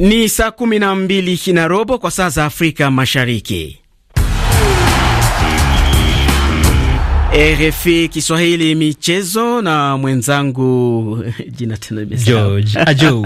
Ni saa kumi na mbili na robo kwa saa za Afrika Mashariki. RFI Kiswahili michezo na mwenzangu jina tena George Ajoi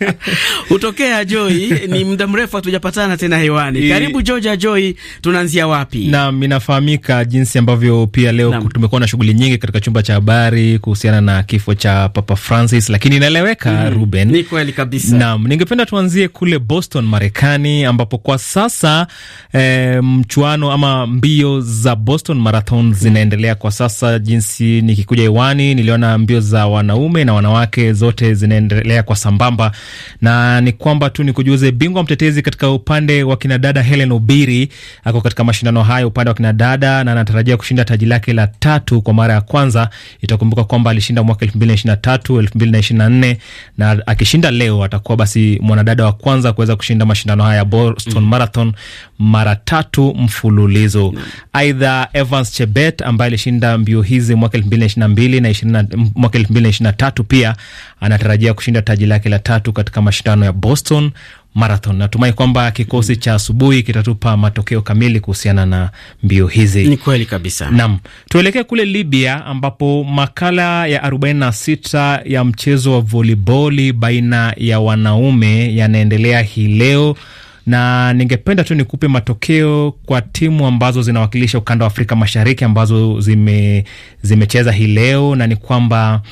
Utokea Ajoi, ni muda mrefu hatujapatana tena hewani I... Karibu George Ajoi, tunaanzia wapi? Naam, inafahamika jinsi ambavyo pia leo tumekuwa na shughuli nyingi katika chumba cha habari kuhusiana na kifo cha Papa Francis, lakini inaeleweka mm, Ruben, ni kweli kabisa. Naam, ningependa tuanzie kule Boston, Marekani, ambapo kwa sasa eh, mchuano ama mbio za Boston Marathon zina yanaendelea kwa sasa. Jinsi nikikuja hewani, niliona mbio za wanaume na wanawake zote zinaendelea kwa sambamba, na ni kwamba tu nikujuze, bingwa mtetezi katika upande wa kinadada Helen Obiri ako katika mashindano haya upande wa kinadada, na anatarajia kushinda taji lake la tatu kwa mara ya kwanza. Itakumbuka kwamba alishinda mwaka elfu mbili na ishirini na tatu elfu mbili na ishirini na nne na akishinda leo atakuwa basi mwanadada wa kwanza kuweza kushinda mashindano haya ya Boston mm. Marathon mara tatu mfululizo. Mm. Aidha, Evans Chebet amb ambaye alishinda mbio hizi mwaka mbili na 20 mwaka tatu pia anatarajia kushinda taji lake la tatu katika mashindano ya Boston Marathon. Natumai kwamba kikosi cha asubuhi kitatupa matokeo kamili kuhusiana na mbio hizi. Ni kweli kabisa. Naam, tuelekee kule Libya ambapo makala ya 46 ya mchezo wa voliboli baina ya wanaume yanaendelea hii leo na ningependa tu nikupe matokeo kwa timu ambazo zinawakilisha ukanda wa Afrika Mashariki ambazo zime zimecheza hii leo, na ni kwamba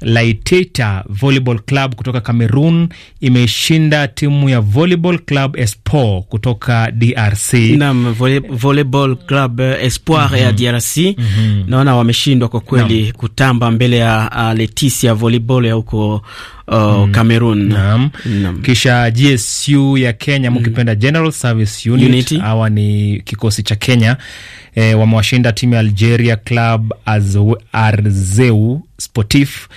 Laiteta Volleyball Club kutoka Cameroon imeshinda timu ya Volleyball Club Espoir kutoka DRC. Naam, volley, Volleyball Club Espoir mm -hmm. ya mhm. DRC mm -hmm. naona wameshindwa kwa kweli kutamba mbele ya uh, Leticia Volleyball ya huko Uh, mm. Cameroon. Naam. Naam. Kisha GSU ya Kenya mukipenda mm. General Service Unit. Hawa ni kikosi cha Kenya e, wamewashinda timu ya Algeria Club Arzeu Sportif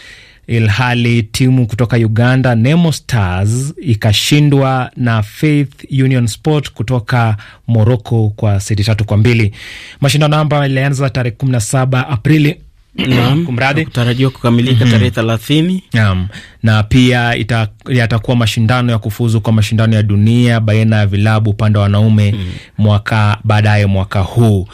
ilhali timu kutoka Uganda Nemo Stars ikashindwa na Faith Union Sport kutoka Morocco kwa seti tatu kwa mbili. Mashindano ambayo yalianza tarehe saba Aprili kumradi kutarajiwa kukamilika mm -hmm. tarehe thelathini. Naam, na pia ita, yatakuwa mashindano ya kufuzu kwa mashindano ya dunia baina ya vilabu upande wa wanaume mm -hmm. mwaka baadaye mwaka huu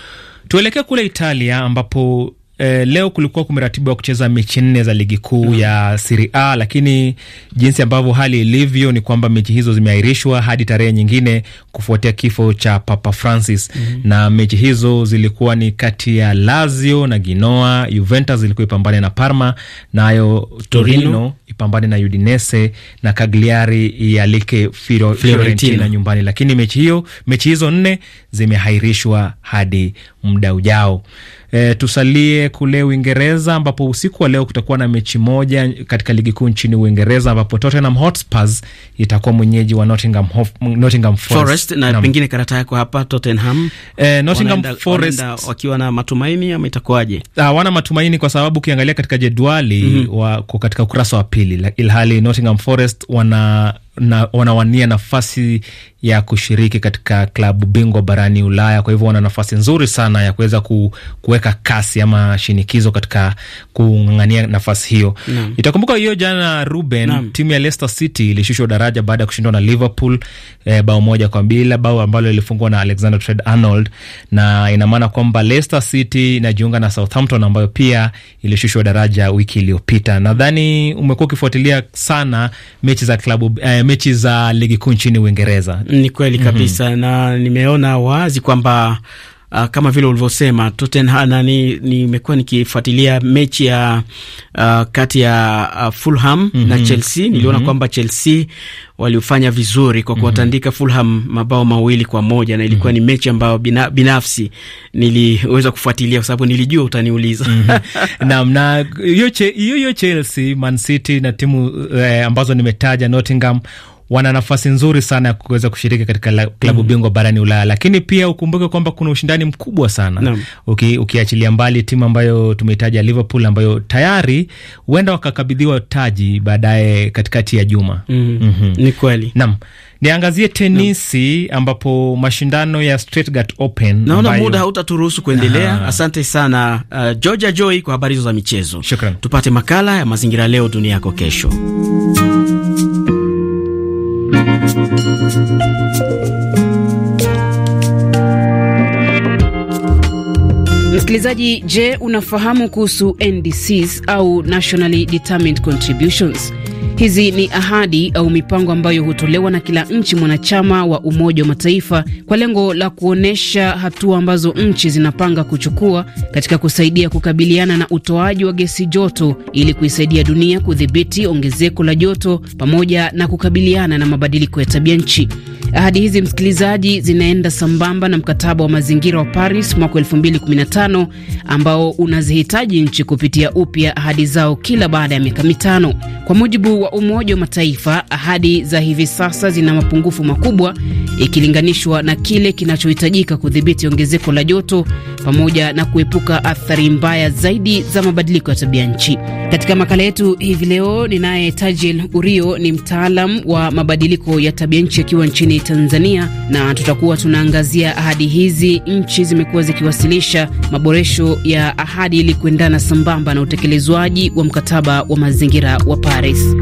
tuelekee kule Italia ambapo Eh, leo kulikuwa kumeratibiwa kucheza mechi nne za ligi kuu mm. ya Serie A, lakini jinsi ambavyo hali ilivyo ni kwamba mechi hizo zimeahirishwa hadi tarehe nyingine kufuatia kifo cha Papa Francis mm. na mechi hizo zilikuwa ni kati ya Lazio na Genoa, Juventus ilikuwa ipambane na Parma, nayo na Torino, Torino ipambane na Udinese na Cagliari ialike Fiorentina nyumbani, lakini mechi hiyo mechi hizo nne zimeahirishwa hadi muda ujao. E, tusalie kule Uingereza ambapo usiku wa leo kutakuwa na mechi moja katika ligi kuu nchini Uingereza ambapo Tottenham Hotspur itakuwa mwenyeji wa Nottingham, Hof, Nottingham Forest, na, na pengine karata yako hapa Tottenham, e, Nottingham wanaenda, Forest wanaenda wakiwa na matumaini ama itakuwaje? Ah, hawana matumaini kwa sababu ukiangalia katika jedwali mm -hmm. katika ukurasa wa pili ilhali Nottingham Forest wana na, wanawania nafasi ya kushiriki katika klabu bingwa barani Ulaya. Kwa hivyo wana nafasi nzuri sana ya kuweza kuweka kasi ama shinikizo katika kung'ang'ania nafasi hiyo. Naam. Itakumbuka hiyo jana, Ruben Naam. timu ya Leicester City ilishushwa daraja baada ya kushindwa na Liverpool eh, bao moja kwa bila, bao ambalo lilifungwa na Alexander Trent Arnold, na ina maana kwamba Leicester City inajiunga na Southampton ambayo pia ilishushwa daraja wiki iliyopita. Nadhani umekuwa ukifuatilia sana mechi za klabu eh, mechi za ligi kuu nchini Uingereza. Ni kweli mhm. kabisa mm -hmm. Na nimeona wazi kwamba Uh, kama vile ulivyosema Tottenham, nimekuwa ni nikifuatilia mechi ya uh, kati ya uh, Fulham mm -hmm. na mhm. Chelsea niliona mm -hmm. kwamba Chelsea waliofanya vizuri kwa mhm. kuwatandika Fulham mabao mawili kwa moja na ilikuwa mm -hmm. ni mechi ambayo bina, binafsi niliweza kufuatilia kwa sababu nilijua utaniuliza. mm -hmm. na hiyo Chelsea, Man City na timu eh, ambazo nimetaja Nottingham wana nafasi nzuri sana ya kuweza kushiriki katika klabu mm. bingwa barani Ulaya, lakini pia ukumbuke kwamba kuna ushindani mkubwa sana no. Uki, ukiachilia mbali timu ambayo tumeitaja Liverpool ambayo tayari huenda wakakabidhiwa taji baadaye katikati ya juma mm. mm -hmm. Ni kweli nam Niangazie tenisi ambapo mashindano ya Stuttgart Open. Naona muda hautaturuhusu kuendelea. Aha. Asante sana uh, Georgia Joy kwa habari hizo za michezo. Shukran. Tupate makala ya mazingira leo dunia yako kesho. Msikilizaji, je, unafahamu kuhusu NDCs au Nationally Determined Contributions? Hizi ni ahadi au mipango ambayo hutolewa na kila nchi mwanachama wa Umoja wa Mataifa kwa lengo la kuonyesha hatua ambazo nchi zinapanga kuchukua katika kusaidia kukabiliana na utoaji wa gesi joto ili kuisaidia dunia kudhibiti ongezeko la joto pamoja na kukabiliana na mabadiliko ya tabia nchi. Ahadi hizi, msikilizaji, zinaenda sambamba na mkataba wa mazingira wa Paris mwaka 2015 ambao unazihitaji nchi kupitia upya ahadi zao kila baada ya miaka mitano kwa mujibu wa Umoja wa Mataifa, ahadi za hivi sasa zina mapungufu makubwa ikilinganishwa na kile kinachohitajika kudhibiti ongezeko la joto pamoja na kuepuka athari mbaya zaidi za mabadiliko ya tabia nchi. Katika makala yetu hivi leo ninaye Tajil Urio, ni mtaalam wa mabadiliko ya tabia nchi akiwa nchini Tanzania, na tutakuwa tunaangazia ahadi hizi. Nchi zimekuwa zikiwasilisha maboresho ya ahadi ili kuendana sambamba na utekelezwaji wa mkataba wa mazingira wa Paris.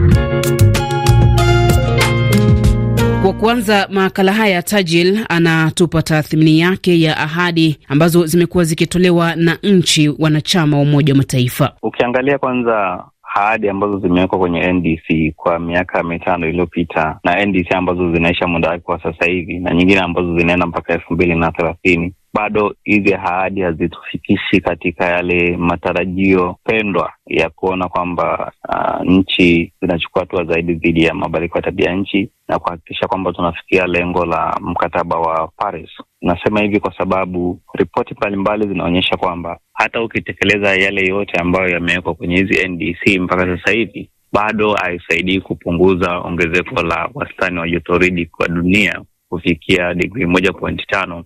kuanza makala haya, Tajil anatupa tathmini yake ya ahadi ambazo zimekuwa zikitolewa na nchi wanachama wa Umoja wa Mataifa. Ukiangalia kwanza ahadi ambazo zimewekwa kwenye NDC kwa miaka mitano iliyopita na NDC ambazo zinaisha muda wake kwa sasa hivi na nyingine ambazo zinaenda mpaka elfu mbili na thelathini bado hizi ahadi hazitufikishi katika yale matarajio pendwa ya kuona kwamba uh, nchi zinachukua hatua zaidi dhidi ya mabadiliko ya tabia nchi na kuhakikisha kwamba tunafikia lengo la mkataba wa Paris. Nasema hivi kwa sababu ripoti mbalimbali zinaonyesha kwamba hata ukitekeleza yale yote ambayo yamewekwa kwenye hizi NDC mpaka sasa hivi bado haisaidii kupunguza ongezeko la wastani wa jotoridi kwa dunia kufikia digrii moja pointi tano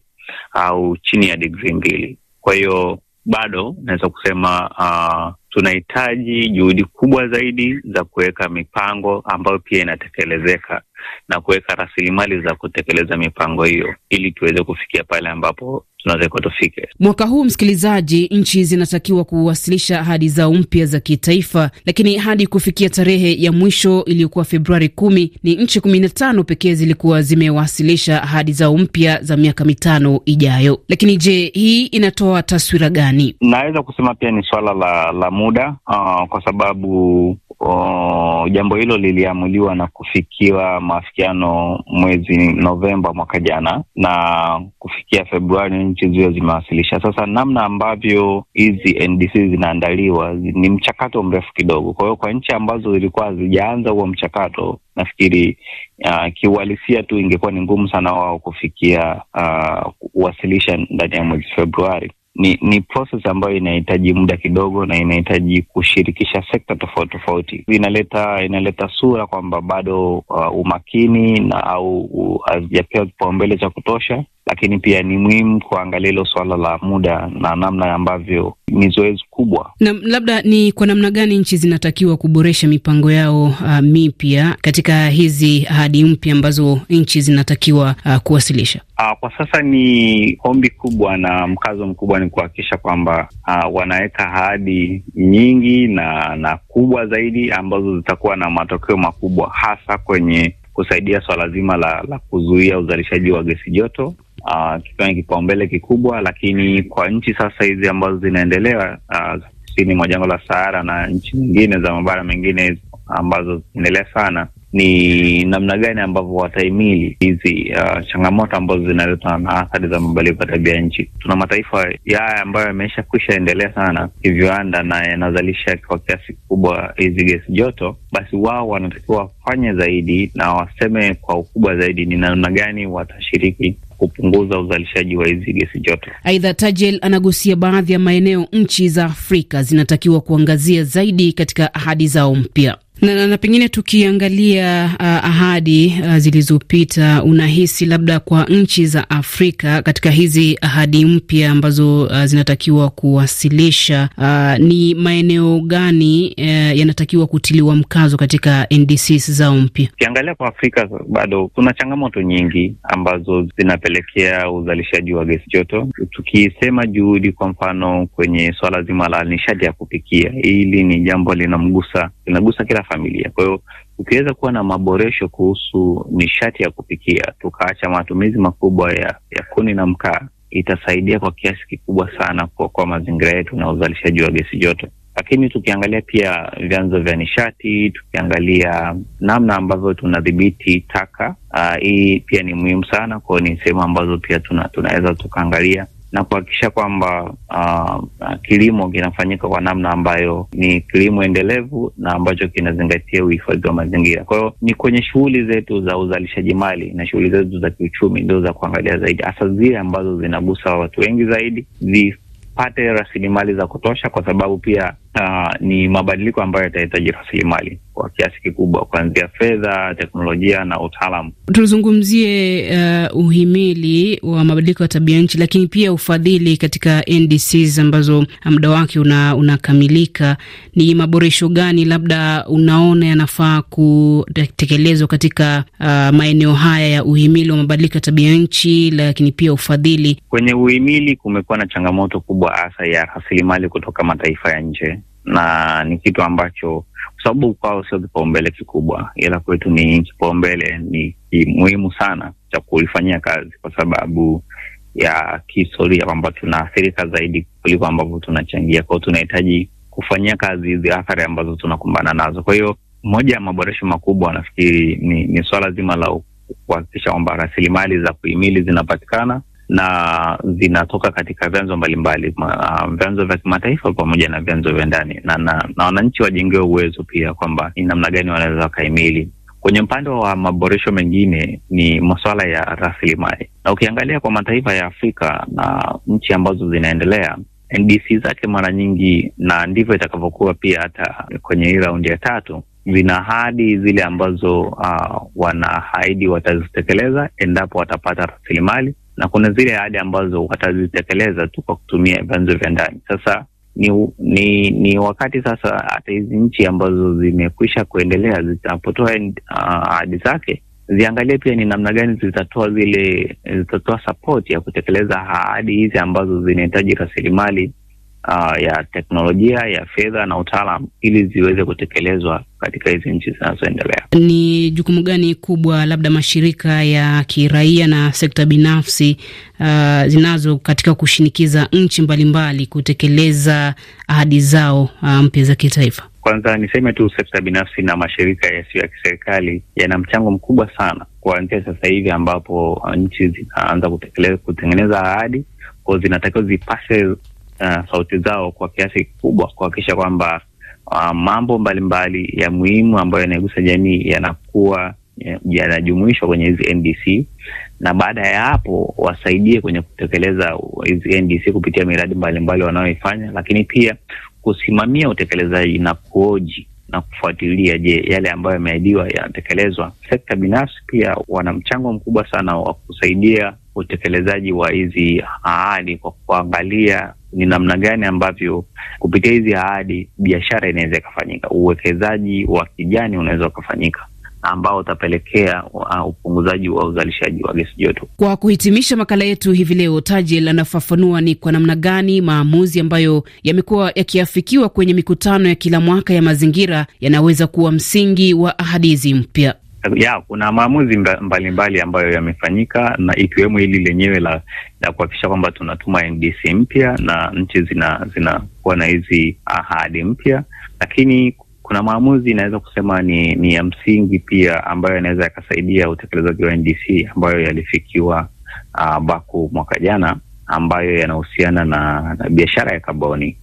au chini ya digrii mbili. Kwa hiyo bado naweza kusema uh, tunahitaji juhudi kubwa zaidi za kuweka mipango ambayo pia inatekelezeka na kuweka rasilimali za kutekeleza mipango hiyo ili tuweze kufikia pale ambapo tunaweza kutofika. Mwaka huu, msikilizaji, nchi zinatakiwa kuwasilisha ahadi zao mpya za kitaifa, lakini hadi kufikia tarehe ya mwisho iliyokuwa Februari kumi, ni nchi kumi na tano pekee zilikuwa zimewasilisha ahadi zao mpya za miaka mitano ijayo. Lakini je, hii inatoa taswira gani? Naweza kusema pia ni swala la, la muda uh, kwa sababu O, jambo hilo liliamuliwa na kufikiwa maafikiano mwezi Novemba mwaka jana, na kufikia Februari nchi zile zimewasilisha. Sasa namna ambavyo hizi NDC zinaandaliwa ni mchakato mrefu kidogo. Kwa hiyo kwa nchi ambazo zilikuwa hazijaanza huo mchakato, nafikiri uh, kiuhalisia tu ingekuwa ni ngumu sana wao kufikia uh, kuwasilisha uh, ndani ya mwezi Februari. Ni ni proses ambayo inahitaji muda kidogo na inahitaji kushirikisha sekta tofauti tofauti. Inaleta inaleta sura kwamba bado uh, umakini na au uh, hazijapewa uh, kipaumbele cha kutosha lakini pia ni muhimu kuangalia hilo swala la muda na namna ambavyo ni zoezi kubwa. Na labda ni kwa namna gani nchi zinatakiwa kuboresha mipango yao uh, mipya katika hizi ahadi mpya ambazo nchi zinatakiwa uh, kuwasilisha? Uh, kwa sasa ni ombi kubwa na mkazo mkubwa ni kuhakikisha kwamba uh, wanaweka ahadi nyingi na na kubwa zaidi ambazo zitakuwa na matokeo makubwa hasa kwenye kusaidia swala zima la, la kuzuia uzalishaji wa gesi joto kikiwa ah, ni kipaumbele kikubwa, lakini kwa nchi sasa hizi ambazo zinaendelea ah, kusini mwa jangwa la Sahara na nchi nyingine za mabara mengine ambazo zinaendelea sana ni namna gani ambavyo wataimili hizi uh, changamoto ambazo zinaletwa na athari za mabadiliko ya tabia nchi. Tuna mataifa yaya ambayo yameisha kwisha endelea sana kiviwanda na yanazalisha kwa kiasi kikubwa hizi gesi joto, basi wao wanatakiwa wafanye zaidi na waseme kwa ukubwa zaidi ni namna gani watashiriki kupunguza uzalishaji wa hizi gesi joto. Aidha, Tajel anagusia baadhi ya maeneo nchi za Afrika zinatakiwa kuangazia zaidi katika ahadi zao mpya. Na, na, na pengine tukiangalia uh, ahadi uh, zilizopita, unahisi labda kwa nchi za Afrika katika hizi ahadi mpya ambazo uh, zinatakiwa kuwasilisha uh, ni maeneo gani uh, yanatakiwa kutiliwa mkazo katika NDCs zao mpya? Ukiangalia kwa Afrika bado kuna changamoto nyingi ambazo zinapelekea uzalishaji wa gesi joto. Tukisema juhudi, kwa mfano kwenye swala zima la nishati ya kupikia, hili ni jambo linamgusa linagusa kila familia. Kwa hiyo ukiweza kuwa na maboresho kuhusu nishati ya kupikia, tukaacha matumizi makubwa ya, ya kuni na mkaa, itasaidia kwa kiasi kikubwa sana kuokoa mazingira yetu na uzalishaji wa gesi joto. Lakini tukiangalia pia vyanzo vya nishati, tukiangalia namna ambavyo tunadhibiti taka, ah, hii pia ni muhimu sana kwao. Ni sehemu ambazo pia tuna, tunaweza tukaangalia na kuhakikisha kwamba uh, kilimo kinafanyika kwa namna ambayo ni kilimo endelevu na ambacho kinazingatia uhifadhi wa mazingira. Kwa hiyo ni kwenye shughuli zetu za uzalishaji mali na shughuli zetu za kiuchumi ndio za kuangalia zaidi, hasa zile ambazo zinagusa watu wengi zaidi, zipate rasilimali za kutosha, kwa sababu pia Uh, ni mabadiliko ambayo yatahitaji rasilimali kwa kiasi kikubwa kuanzia fedha, teknolojia na utaalamu. Tuzungumzie uh, uhimili wa mabadiliko ya tabia nchi, lakini pia ufadhili katika NDCs ambazo muda wake unakamilika. Una ni maboresho gani labda unaona yanafaa kutekelezwa katika uh, maeneo haya ya uhimili wa mabadiliko ya tabia nchi, lakini pia ufadhili? Kwenye uhimili kumekuwa na changamoto kubwa hasa ya rasilimali kutoka mataifa ya nje na ni kitu ambacho kwa sababu kwao sio kipaumbele kikubwa, ila kwetu ni kipaumbele, ni muhimu sana cha kulifanyia kazi, kwa sababu ya kihistoria kwamba tunaathirika zaidi kuliko ambavyo tunachangia. Kwao tunahitaji kufanyia kazi hizi athari ambazo tunakumbana nazo. Kwa hiyo moja ya maboresho makubwa nafikiri ni, ni swala zima la kuhakikisha kwamba rasilimali za kuhimili zinapatikana na zinatoka katika vyanzo mbalimbali uh, vyanzo vya kimataifa pamoja na vyanzo vya ndani, na, na, na wananchi wajengewe uwezo pia kwamba ni namna gani wanaweza wakaimili. Kwenye mpande wa maboresho mengine ni masuala ya rasilimali, na ukiangalia kwa mataifa ya Afrika na nchi ambazo zinaendelea NDC zake mara nyingi, na ndivyo itakavyokuwa pia hata kwenye hii raundi ya tatu, zina ahadi zile ambazo uh, wanaahidi watazitekeleza endapo watapata rasilimali na kuna zile ahadi ambazo watazitekeleza tu kwa kutumia vyanzo vya ndani. Sasa ni, ni, ni wakati sasa hata hizi nchi ambazo zimekwisha kuendelea zitapotoa uh, ahadi uh, zake ziangalie pia ni namna gani zitatoa zile zitatoa sapoti ya kutekeleza ahadi hizi ambazo zinahitaji rasilimali uh, ya teknolojia ya fedha na utaalam ili ziweze kutekelezwa katika hizi nchi zinazoendelea. Ni jukumu gani kubwa labda mashirika ya kiraia na sekta binafsi uh, zinazo katika kushinikiza nchi mbalimbali kutekeleza ahadi zao uh, mpya za kitaifa? Kwanza niseme tu sekta binafsi na mashirika yasiyo ya kiserikali yana mchango mkubwa sana, kuanzia sasa hivi ambapo nchi zinaanza kutengeneza ahadi kwao, zinatakiwa zipase uh, sauti zao kwa kiasi kikubwa kuhakikisha kwamba uh, mambo mbalimbali mbali ya muhimu ambayo yanaigusa jamii yanakuwa uh, yanajumuishwa kwenye hizi NDC na baada ya hapo wasaidie kwenye kutekeleza hizi NDC kupitia miradi mbalimbali wanayoifanya, lakini pia kusimamia utekelezaji na kuoji na kufuatilia, je, yale ambayo yameahidiwa yanatekelezwa. Sekta binafsi pia wana mchango mkubwa sana wa kusaidia utekelezaji wa hizi ahadi kwa kuangalia ni namna gani ambavyo kupitia hizi ahadi biashara inaweza ikafanyika, uwekezaji wa kijani unaweza ukafanyika ambao utapelekea uh, upunguzaji wa uzalishaji wa gesi joto. Kwa kuhitimisha makala yetu hivi leo, Tajel anafafanua ni kwa namna gani maamuzi ambayo yamekuwa yakiafikiwa kwenye mikutano ya kila mwaka ya mazingira yanaweza kuwa msingi wa ahadi hizi mpya ya kuna maamuzi mbalimbali mbali ambayo yamefanyika na ikiwemo hili lenyewe la, la kuhakikisha kwamba tunatuma NDC mpya na nchi zinakuwa na hizi ahadi mpya, lakini kuna maamuzi inaweza kusema ni, ni ya msingi pia ambayo yanaweza yakasaidia utekelezaji wa NDC ambayo yalifikiwa uh, Baku mwaka jana ambayo yanahusiana na, na biashara ya kaboni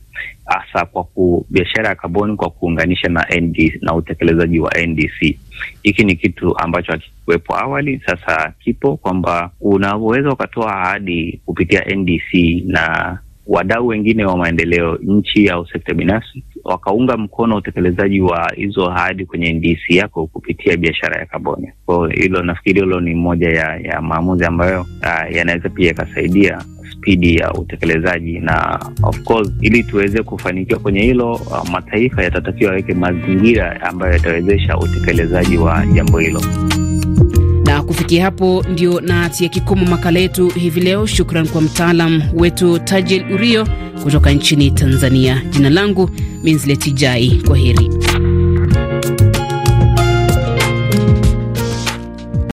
hasa kwa biashara ya kaboni kwa kuunganisha na NDC, na utekelezaji wa NDC. Hiki ni kitu ambacho hakikuwepo awali, sasa kipo kwamba unaweza ukatoa ahadi kupitia NDC na wadau wengine wa maendeleo, nchi au sekta binafsi wakaunga mkono utekelezaji wa hizo ahadi kwenye NDC yako kupitia biashara ya kaboni. Kwa hilo nafikiri hilo ni moja ya, ya maamuzi ambayo uh, yanaweza pia yakasaidia spidi ya utekelezaji, na of course, ili tuweze kufanikiwa kwenye hilo, uh, mataifa yatatakiwa yaweke mazingira ambayo yatawezesha utekelezaji wa jambo hilo kufikia hapo ndio natia kikomo makala yetu hivi leo. Shukran kwa mtaalam wetu Tajel Urio kutoka nchini Tanzania. Jina langu minsletijai kwa heri.